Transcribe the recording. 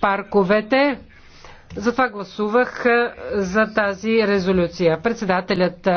парковете. Затова гласувах за тази резолюция. Председателят